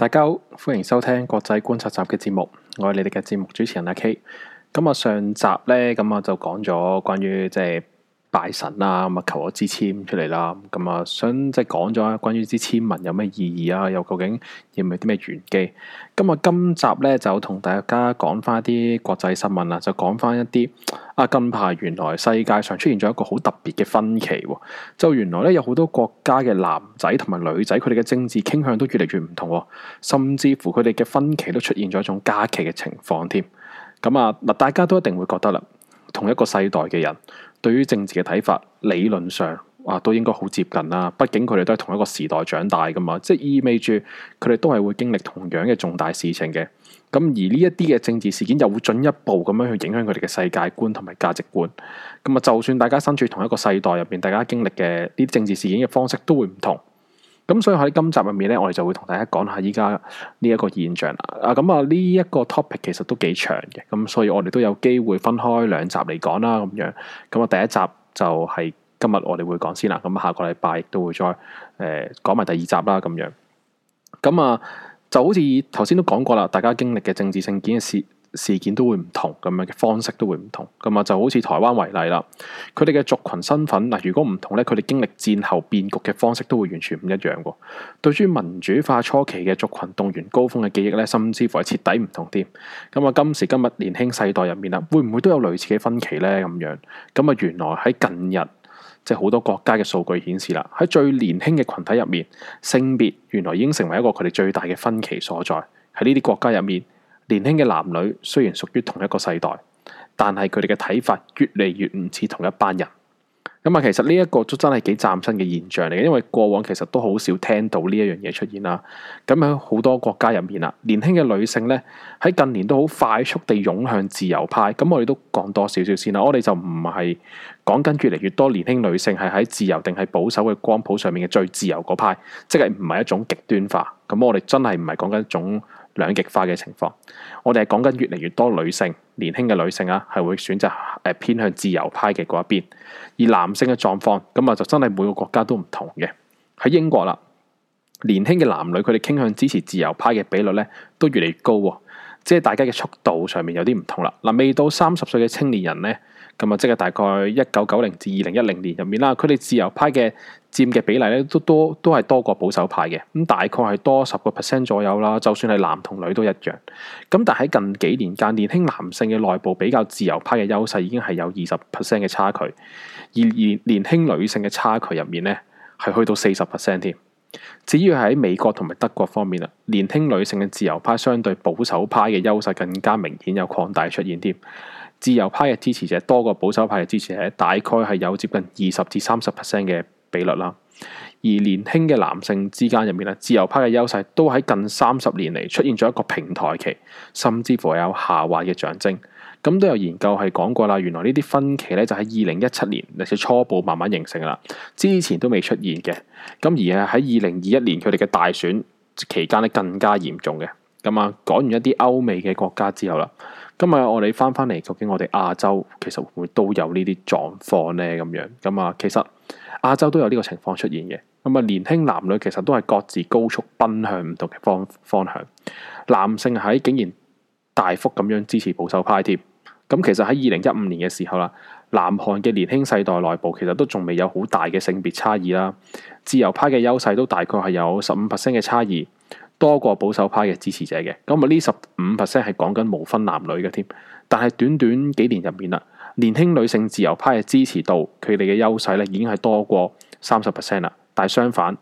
大家好，歡迎收聽國際觀察站嘅節目，我係你哋嘅節目主持人阿 K。咁啊，上集咧，咁我就講咗關於即係。拜神啊，咁啊求咗支簽出嚟啦，咁、嗯、啊想即係講咗關於支簽文有咩意義啊？又究竟有冇啲咩玄機？咁啊，今集咧就同大家講翻啲國際新聞啦，就講翻一啲啊，近排原來世界上出現咗一個好特別嘅分歧、啊，就原來咧有好多國家嘅男仔同埋女仔，佢哋嘅政治傾向都越嚟越唔同、啊，甚至乎佢哋嘅分歧都出現咗一種加劇嘅情況添。咁啊，嗱、嗯，大家都一定會覺得啦。同一個世代嘅人，對於政治嘅睇法，理論上啊都應該好接近啦。畢竟佢哋都係同一個時代長大㗎嘛，即係意味住佢哋都係會經歷同樣嘅重大事情嘅。咁而呢一啲嘅政治事件又會進一步咁樣去影響佢哋嘅世界觀同埋價值觀。咁啊，就算大家身處同一個世代入邊，大家經歷嘅呢啲政治事件嘅方式都會唔同。咁所以喺今集入面咧，我哋就會同大家講下依家呢一個現象啦。啊，咁啊呢一個 topic 其實都幾長嘅，咁所以我哋都有機會分開兩集嚟講啦。咁樣，咁啊第一集就係今日我哋會講先啦。咁下個禮拜亦都會再誒講埋第二集啦。咁樣，咁啊就好似頭先都講過啦，大家經歷嘅政治性件嘅事。事件都會唔同，咁樣嘅方式都會唔同，咁啊就好似台灣為例啦，佢哋嘅族群身份嗱，如果唔同咧，佢哋經歷戰後變局嘅方式都會完全唔一樣喎。對於民主化初期嘅族群動員高峰嘅記憶咧，甚至乎係徹底唔同添。咁啊，今時今日年輕世代入面啦，會唔會都有類似嘅分歧呢？咁樣咁啊，原來喺近日，即係好多國家嘅數據顯示啦，喺最年輕嘅群體入面，性別原來已經成為一個佢哋最大嘅分歧所在喺呢啲國家入面。年輕嘅男女雖然屬於同一個世代，但係佢哋嘅睇法越嚟越唔似同一班人。咁、嗯、啊，其實呢一個都真係幾嶄新嘅現象嚟嘅，因為過往其實都好少聽到呢一樣嘢出現啦。咁喺好多國家入面啦，年輕嘅女性呢，喺近年都好快速地湧向自由派。咁我哋都講多少少先啦，我哋就唔係講緊越嚟越多年輕女性係喺自由定係保守嘅光譜上面嘅最自由嗰派，即係唔係一種極端化。咁、嗯、我哋真係唔係講緊一種。兩極化嘅情況，我哋係講緊越嚟越多女性、年輕嘅女性啊，係會選擇誒偏向自由派嘅嗰一邊，而男性嘅狀況咁啊，就真係每個國家都唔同嘅。喺英國啦，年輕嘅男女佢哋傾向支持自由派嘅比率咧，都越嚟越高。即係大家嘅速度上面有啲唔同啦。嗱，未到三十歲嘅青年人呢，咁啊，即係大概一九九零至二零一零年入面啦。佢哋自由派嘅佔嘅比例咧，都多都係多過保守派嘅。咁大概係多十個 percent 左右啦。就算係男同女都一樣。咁但係喺近幾年間，年輕男性嘅內部比較自由派嘅優勢已經係有二十 percent 嘅差距，而年年輕女性嘅差距入面呢，係去到四十 percent 添。至於喺美國同埋德國方面啦，年輕女性嘅自由派相對保守派嘅優勢更加明顯，有擴大出現添。自由派嘅支持者多過保守派嘅支持者，大概係有接近二十至三十 percent 嘅比率啦。而年輕嘅男性之間入面咧，自由派嘅優勢都喺近三十年嚟出現咗一個平台期，甚至乎有下滑嘅象徵。咁都有研究係講過啦，原來呢啲分歧咧就喺二零一七年嚟自、就係、初步慢慢形成啦，之前都未出現嘅。咁而係喺二零二一年佢哋嘅大選期間咧更加嚴重嘅。咁啊，講完一啲歐美嘅國家之後啦，今日我哋翻翻嚟究竟我哋亞洲其實會唔會都有呢啲狀況呢？咁樣咁啊，其實亞洲都有呢個情況出現嘅。咁啊，年輕男女其實都係各自高速奔向唔同嘅方方向。男性喺竟然大幅咁樣支持保守派添。咁其實喺二零一五年嘅時候啦，南韓嘅年輕世代內部其實都仲未有好大嘅性別差異啦。自由派嘅優勢都大概係有十五 percent 嘅差異，多過保守派嘅支持者嘅。咁啊呢十五 percent 係講緊無分男女嘅添。但係短短幾年入面啦，年輕女性自由派嘅支持度，佢哋嘅優勢咧已經係多過三十 percent 啦。但係相反，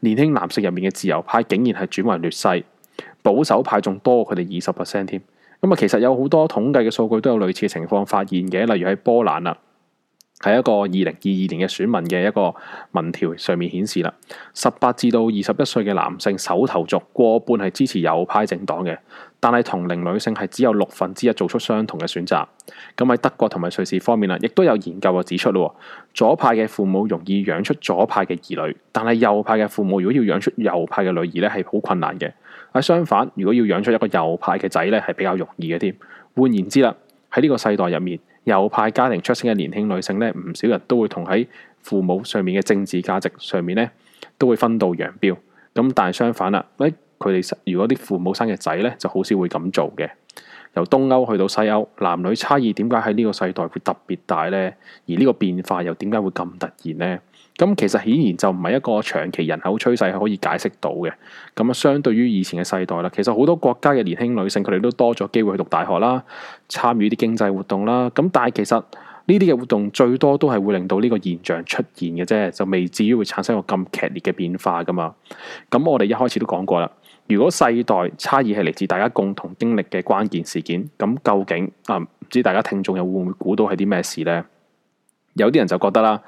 年輕男性入面嘅自由派竟然係轉為劣勢，保守派仲多佢哋二十 percent 添。咁啊，其實有好多統計嘅數據都有類似嘅情況發現嘅，例如喺波蘭啦。喺一個二零二二年嘅選民嘅一個民調上面顯示啦，十八至到二十一歲嘅男性首投族過半係支持右派政黨嘅，但係同齡女性係只有六分之一做出相同嘅選擇。咁喺德國同埋瑞士方面啦，亦都有研究就指出咯，左派嘅父母容易養出左派嘅兒女，但係右派嘅父母如果要養出右派嘅女兒呢，係好困難嘅。啊，相反，如果要養出一個右派嘅仔呢，係比較容易嘅添。換言之啦，喺呢個世代入面。右派家庭出生嘅年輕女性咧，唔少人都會同喺父母上面嘅政治價值上面咧，都會分道揚鑣。咁但係相反啦，喂，佢哋如果啲父母生嘅仔咧，就好少會咁做嘅。由東歐去到西歐，男女差異點解喺呢個世代會特別大呢？而呢個變化又點解會咁突然呢？咁其實顯然就唔係一個長期人口趨勢係可以解釋到嘅。咁啊，相對於以前嘅世代啦，其實好多國家嘅年輕女性佢哋都多咗機會去讀大學啦，參與啲經濟活動啦。咁但係其實呢啲嘅活動最多都係會令到呢個現象出現嘅啫，就未至於會產生一個咁劇烈嘅變化噶嘛。咁我哋一開始都講過啦，如果世代差異係嚟自大家共同經歷嘅關鍵事件，咁究竟啊唔知大家聽眾又會唔會估到係啲咩事呢？有啲人就覺得啦。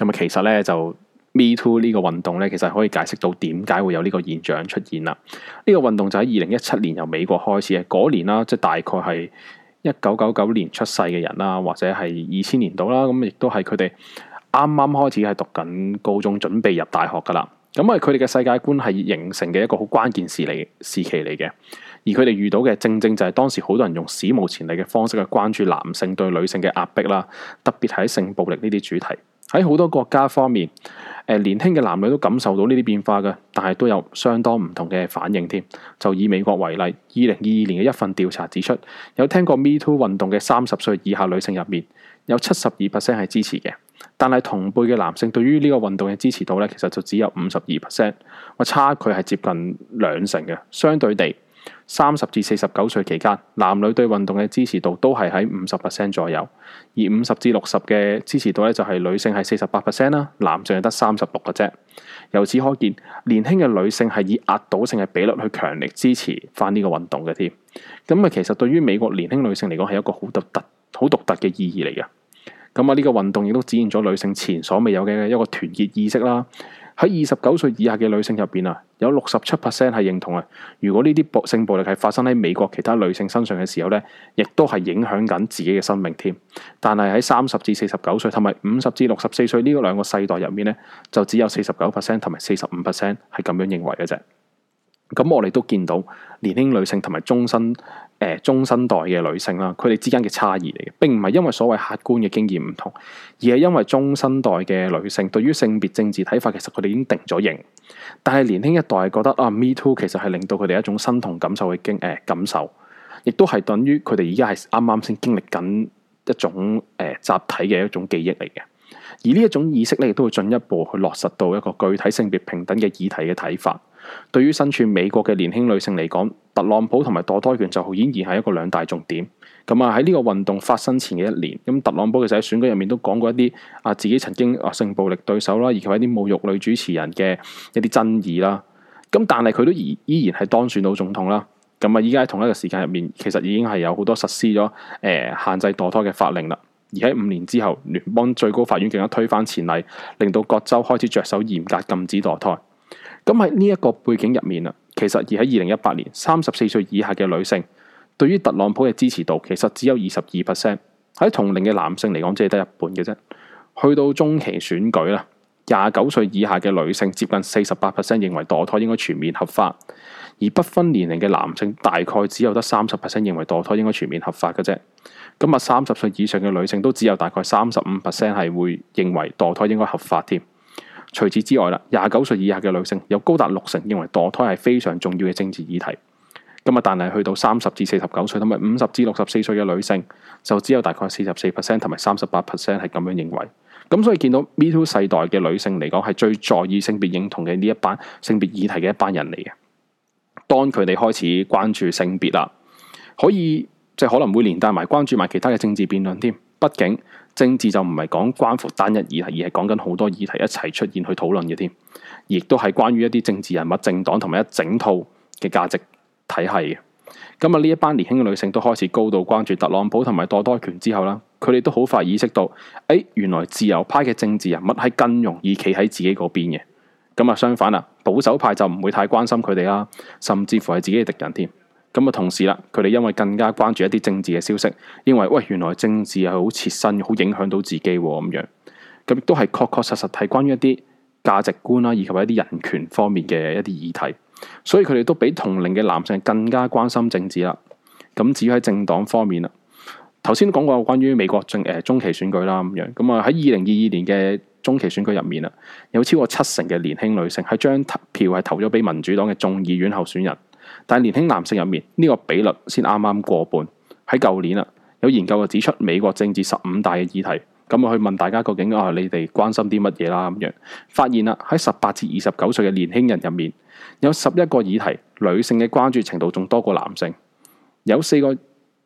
咁啊，其實咧就 Me Too 呢個運動咧，其實可以解釋到點解會有呢個現象出現啦。呢個運動就喺二零一七年由美國開始嘅，嗰年啦，即係大概係一九九九年出世嘅人啦，或者係二千年到啦，咁亦都係佢哋啱啱開始係讀緊高中，準備入大學噶啦。咁啊，佢哋嘅世界觀係形成嘅一個好關鍵時嚟，時期嚟嘅，而佢哋遇到嘅正正就係當時好多人用史無前例嘅方式去關注男性對女性嘅壓迫啦，特別係喺性暴力呢啲主題。喺好多國家方面，誒、呃、年輕嘅男女都感受到呢啲變化嘅，但係都有相當唔同嘅反應添。就以美國為例，二零二二年嘅一份調查指出，有聽過 Me Too 運動嘅三十歲以下女性入面，有七十二 percent 係支持嘅，但係同輩嘅男性對於呢個運動嘅支持度咧，其實就只有五十二 percent，個差距係接近兩成嘅，相對地。三十至四十九歲期間，男女對運動嘅支持度都係喺五十 percent 左右；而五十至六十嘅支持度咧，就係女性係四十八 percent 啦，男性係得三十六嘅啫。由此可見，年輕嘅女性係以壓倒性嘅比率去強力支持翻呢個運動嘅添。咁啊，其實對於美國年輕女性嚟講，係一個好獨特、好獨特嘅意義嚟嘅。咁啊，呢個運動亦都展現咗女性前所未有嘅一個團結意識啦。喺二十九歲以下嘅女性入邊啊，有六十七 percent 係認同啊。如果呢啲性暴力係發生喺美國其他女性身上嘅時候咧，亦都係影響緊自己嘅生命添。但係喺三十至四十九歲同埋五十至六十四歲呢個兩個世代入面咧，就只有四十九 percent 同埋四十五 percent 係咁樣認為嘅啫。咁我哋都見到年輕女性同埋中生誒中生代嘅女性啦，佢哋之間嘅差異嚟嘅，並唔係因為所謂客觀嘅經驗唔同，而係因為中生代嘅女性對於性別政治睇法，其實佢哋已經定咗型。但係年輕一代覺得啊，Me Too 其實係令到佢哋一種身同感受嘅經誒、呃、感受，亦都係等於佢哋而家係啱啱先經歷緊一種誒、呃、集體嘅一種記憶嚟嘅，而呢一種意識咧，亦都會進一步去落實到一個具體性別平等嘅議題嘅睇法。對於身處美國嘅年輕女性嚟講，特朗普同埋墮胎權就顯然係一個兩大重點。咁啊喺呢個運動發生前嘅一年，咁特朗普其實喺選舉入面都講過一啲啊自己曾經性暴力對手啦，以及一啲侮辱女主持人嘅一啲爭議啦。咁但係佢都依依然係當選到總統啦。咁啊依家喺同一個時間入面，其實已經係有好多實施咗誒、呃、限制墮胎嘅法令啦。而喺五年之後，聯邦最高法院更加推翻前例，令到各州開始着手嚴格禁止墮胎。咁喺呢一個背景入面啊，其實而喺二零一八年，三十四歲以下嘅女性對於特朗普嘅支持度其實只有二十二 percent，喺同齡嘅男性嚟講，即係得一半嘅啫。去到中期選舉啦，廿九歲以下嘅女性接近四十八 percent 認為墮胎應該全面合法，而不分年齡嘅男性大概只有得三十 percent 認為墮胎應該全面合法嘅啫。咁啊，三十歲以上嘅女性都只有大概三十五 percent 係會認為墮胎應該合法添。除此之外啦，廿九歲以下嘅女性有高達六成認為墮胎係非常重要嘅政治議題。咁啊，但係去到三十至四十九歲同埋五十至六十四歲嘅女性，就只有大概四十四 percent 同埋三十八 percent 係咁樣認為。咁所以見到 MeToo 世代嘅女性嚟講，係最在意性別認同嘅呢一班性別議題嘅一班人嚟嘅。當佢哋開始關注性別啦，可以即係、就是、可能會連帶埋關注埋其他嘅政治辯論添。畢竟。政治就唔係講關乎單一議題，而係講緊好多議題一齊出現去討論嘅添，亦都係關於一啲政治人物、政黨同埋一整套嘅價值體系嘅。咁啊，呢一班年輕嘅女性都開始高度關注特朗普同埋墮胎權之後啦，佢哋都好快意識到，誒、欸，原來自由派嘅政治人物係更容易企喺自己嗰邊嘅。咁啊，相反啊，保守派就唔會太關心佢哋啦，甚至乎係自己嘅敵人添。咁啊！同時啦，佢哋因為更加關注一啲政治嘅消息，因為喂，原來政治係好切身、好影響到自己喎、啊、咁樣。咁亦都係確確實實係關於一啲價值觀啦，以及一啲人權方面嘅一啲議題。所以佢哋都比同齡嘅男性更加關心政治啦。咁至於喺政黨方面啦，頭先講過關於美國政誒、呃、中期選舉啦咁樣。咁啊喺二零二二年嘅中期選舉入面啦，有超過七成嘅年輕女性係將票係投咗俾民主黨嘅眾議院候選人。但係年輕男性入面呢個比率先啱啱過半。喺舊年啊，有研究就指出美國政治十五大嘅議題，咁啊去問大家究竟啊你哋關心啲乜嘢啦咁樣，發現啦喺十八至二十九歲嘅年輕人入面，有十一個議題女性嘅關注程度仲多過男性，有四個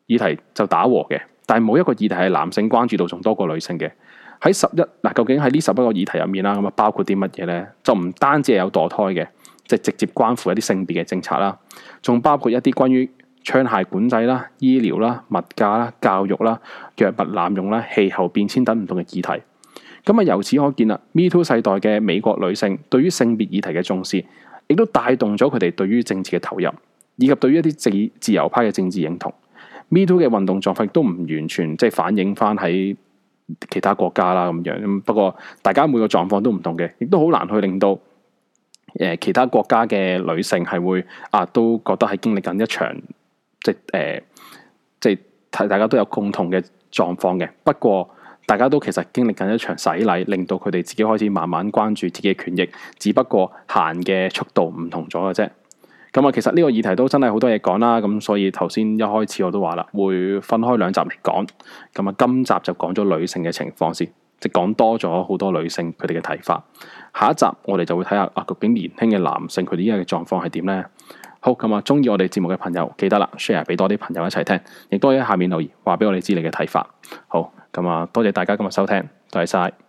議題就打和嘅，但係冇一個議題係男性關注度仲多過女性嘅。喺十一嗱，究竟喺呢十一個議題入面啦，咁啊包括啲乜嘢呢？就唔單止係有墮胎嘅。即直接關乎一啲性別嘅政策啦，仲包括一啲關於槍械管制啦、醫療啦、物價啦、教育啦、藥物濫用啦、氣候變遷等唔同嘅議題。咁啊，由此可見啦，MeToo 世代嘅美國女性對於性別議題嘅重視，亦都帶動咗佢哋對於政治嘅投入，以及對於一啲自自由派嘅政治認同。MeToo 嘅運動狀況亦都唔完全即係反映翻喺其他國家啦咁樣。不過，大家每個狀況都唔同嘅，亦都好難去令到。誒，其他國家嘅女性係會啊，都覺得係經歷緊一場，即係、呃、即係睇大家都有共同嘅狀況嘅。不過，大家都其實經歷緊一場洗禮，令到佢哋自己開始慢慢關注自己嘅權益，只不過行嘅速度唔同咗嘅啫。咁、嗯、啊，其實呢個議題都真係好多嘢講啦。咁所以頭先一開始我都話啦，會分開兩集嚟講。咁、嗯、啊，今集就講咗女性嘅情況先，即係講多咗好多女性佢哋嘅睇法。下一集我哋就會睇下啊，究竟年輕嘅男性佢哋依家嘅狀況係點咧？好咁啊，嗯，中意我哋節目嘅朋友記得啦，share 俾多啲朋友一齊聽，亦都可以喺下面留言話俾我哋知你嘅睇法。好咁啊、嗯，多謝大家今日收聽，多謝晒。